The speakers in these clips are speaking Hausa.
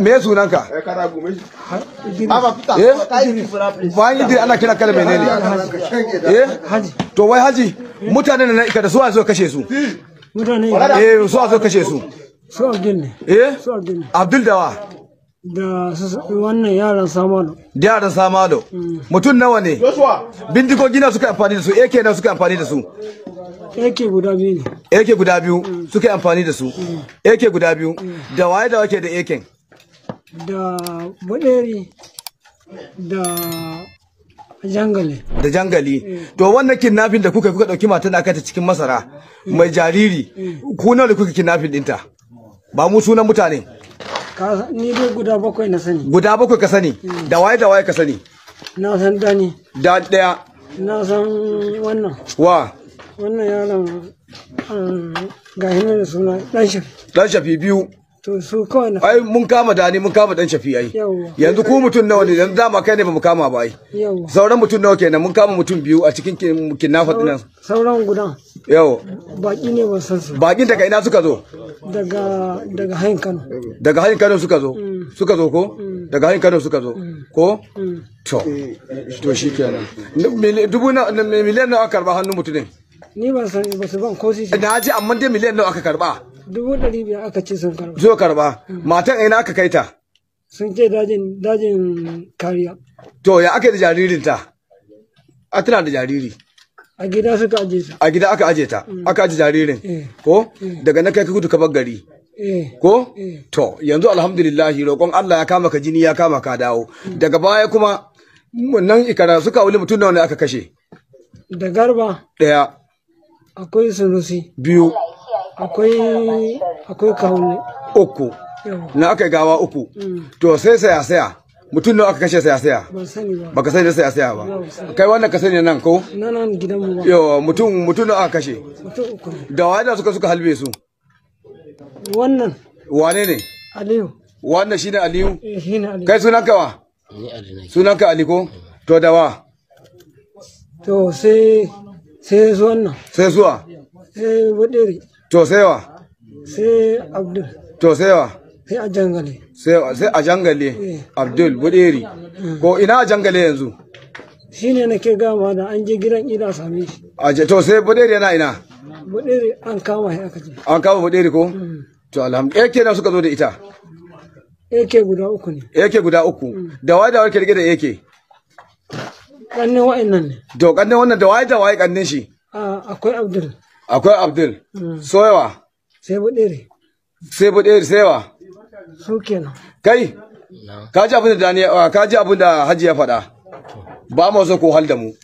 me ya sunan eh, eh? ka bayan idris ana kira kala ne eh to wai haji mutane nan ka da su a zo kashe su mutane eh su a zo kashe su su eh? abdul eh abdul dawa da wannan yaran samado yaran samado mm. mutum nawa ne bindigogi gina suka amfani da su ake na suka amfani da su ake guda biyu ne ake guda biyu mm. suka amfani da su mm. ake guda biyu da waye da wake da eken da buɗeri da jangali da eh. jangali to wannan kidnapping da kuka kuka dauki matan aka ta cikin masara eh. mai jariri eh. ku nawa da kuka kidnapping dinta ba mu sunan mutane ni dai guda bakwai na sani guda bakwai ka sani da waye da waye ka sani na san dani da daya na san wannan wa wannan yaron ah, ga hinin suna dan shafi dan shafi biyu to su kawai ai mun kama dani mun kama dan shafi ai yanzu ku mutum nawa ne yanzu dama kai ne mu kama ba ai sauran mutum nawa kenan mun kama mutum biyu a cikin kinnafa din sauran guda. yau baki ne ba san su bakin daga ina suka zo daga daga hayin Kano daga hayin Kano suka zo mm. suka zo ko mm. daga hayin Kano suka zo mm. ko to to shikenan dubu na miliyan nawa karba hannun mutum ne ni ba san ba su ban ko shi na ji amma dai miliyan nawa aka karba dubu ɗari biyar aka ce sun karba so karba hmm. matan ina aka kai ta sun ce dajin dajin kariya to ya aka da jaririn ta a tana da jariri a gida suka aje ta a gida aka aje ta hmm. aka aje jaririn eh. ko eh. daga na kai ka gudu ka bar gari eh. ko to yanzu alhamdulillahi roƙon Allah ya kama ka jini ya kama ka dawo hmm. daga baya kuma nan ikara suka wuli mutum nawa ne aka kashe da garba daya akwai sunusi biyu akwai akwai kahun uku na aka gawa uku mm. to sai saya saya mutum nawa aka kashe saya saya ba baka sani saya saya ba kai wannan ka sani nan ko nan gidan mu ba yo mutum mutum nawa aka kashe mutum uku da wanda suka suka halbe su wannan wane ne aliyu wannan shine aliyu eh, kai sunan ka wa sunan ka ali to da wa to sai sai zuwan sai zuwa eh wadere to sai wa sai abdul to sai wa sai a jangale sai a jangale eh. abdul buderi hmm. ko ina a jangale yanzu shine nake gama da an je gidan ina same shi a to sai buderi yana ina buderi an kama shi aka je. an kama buderi ko hmm. to alhamdulillah na suka zo da ita eke guda uku ne. eke guda uku. Hmm. Da waye da warke rike da AK? Kannin wa'annan ne. To kannin wannan da waye da waye kannin shi? Akwai Abdul. akwai abdul hmm. soyawa sai budere sai budere sai wa su kenan kai ka ji abin da daniya ah, ka ji abin da hajji ya faɗa ba mu so ko halda mu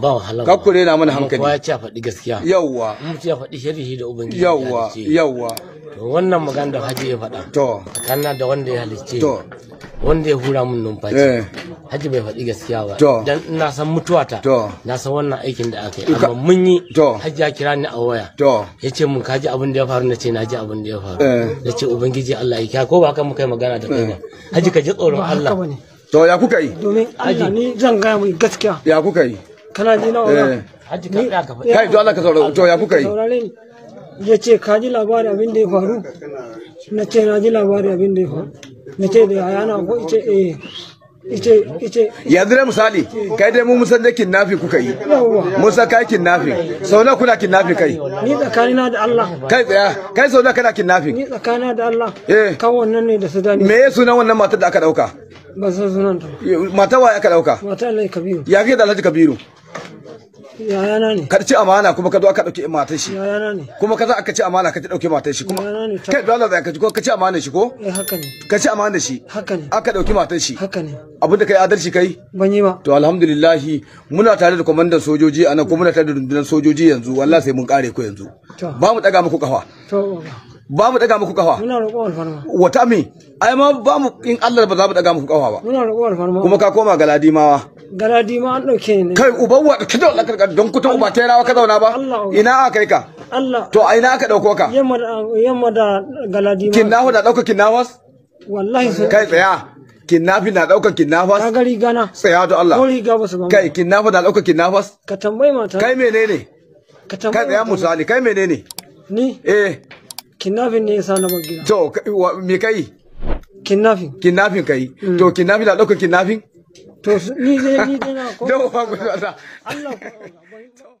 ba wahala ka kure na mana hankali kowa ya ci faɗi gaskiya yawwa mu ci faɗi sharhi da ubangiji yawwa yawwa wannan magana da hajji ya faɗa to Kanna da wanda ya halicce to wanda ya hura mun numfashi eh. haji bai faɗi gaskiya ba dan ina san ta na san wannan aikin da aka yi amma mun yi haji ya kira ni a waya ya ce mun kaji abin da ya faru na ce na ji abin da ya faru eh. na ce ubangiji Allah ya kya ko ba kan kai magana da kai ba eh. haji ka ji tsoron Allah to ya kuka yi domin Allah ni zan ga mu gaskiya ya kuka yi kana ji na wannan haji ka ka faɗi kai to Allah ka saurare to ya kuka yi ya ce kaji labarin abin da ya faru na ce na ji labarin abin da ya faru Eh, yanzu dai misali kai dai mun musan dakin nafi kuka yi mun san kai kin nafi sau nawa kuna kin nafi kai ni tsakanina da Allah kai tsaya kai sau nawa kana kin nafi ni tsakanina da Allah eh kan wannan ne da su dani me ya sunan wannan matar da aka dauka ba san sunan ta mata wa aka dauka mata Alhaji Kabiru ya fiye da Alhaji Kabiru yayana ne ka ci amana kuma ka zo aka dauke matar shi yayana ne kuma ka za aka ci amana ka ci dauke matar shi kuma kai dole za ka ci ko ka ci amana shi ko eh haka ne ka ci amana shi haka ne aka dauki matar shi haka ne abin da kai adalci kai ban yi ba to alhamdulillah muna tare da komandan sojoji anan kuma muna tare da rundunar sojoji yanzu wallahi sai mun kare ku yanzu ba mu daga muku kafa to ba mu daga muku kafa muna roƙo alfarma wata me ai ma ba mu in Allah ba za mu daga muku kafa ba muna roƙo alfarma kuma ka koma ga ladimawa Galadi ma an ɗauke ne. Kai uban wa ki da Allah karkar don kuta uba ta rawa ka zauna ba. Ina aka kai ka? Allah. To a ina aka ɗauko ka? Yamma da yamma da Galadi ma. Kinnahu da ɗauka kinnafas? Wallahi sai. Kai tsaya. Kinnafi na ɗauka kinnafas? Ka gari gana. Tsaya to Allah. Ko riga ba su ba. Kai kinnafa na ɗauka kinnafas? Ka tambayi mata. Kai menene? Ka tambayi. Kai tsaya misali kai menene? Ni? Eh. Kinnafin ne ya sa na bagina. To me kai? Kinnafin. Kinnafin kai. Mm. To kinnafin na ɗauka kinnafin? to ni ni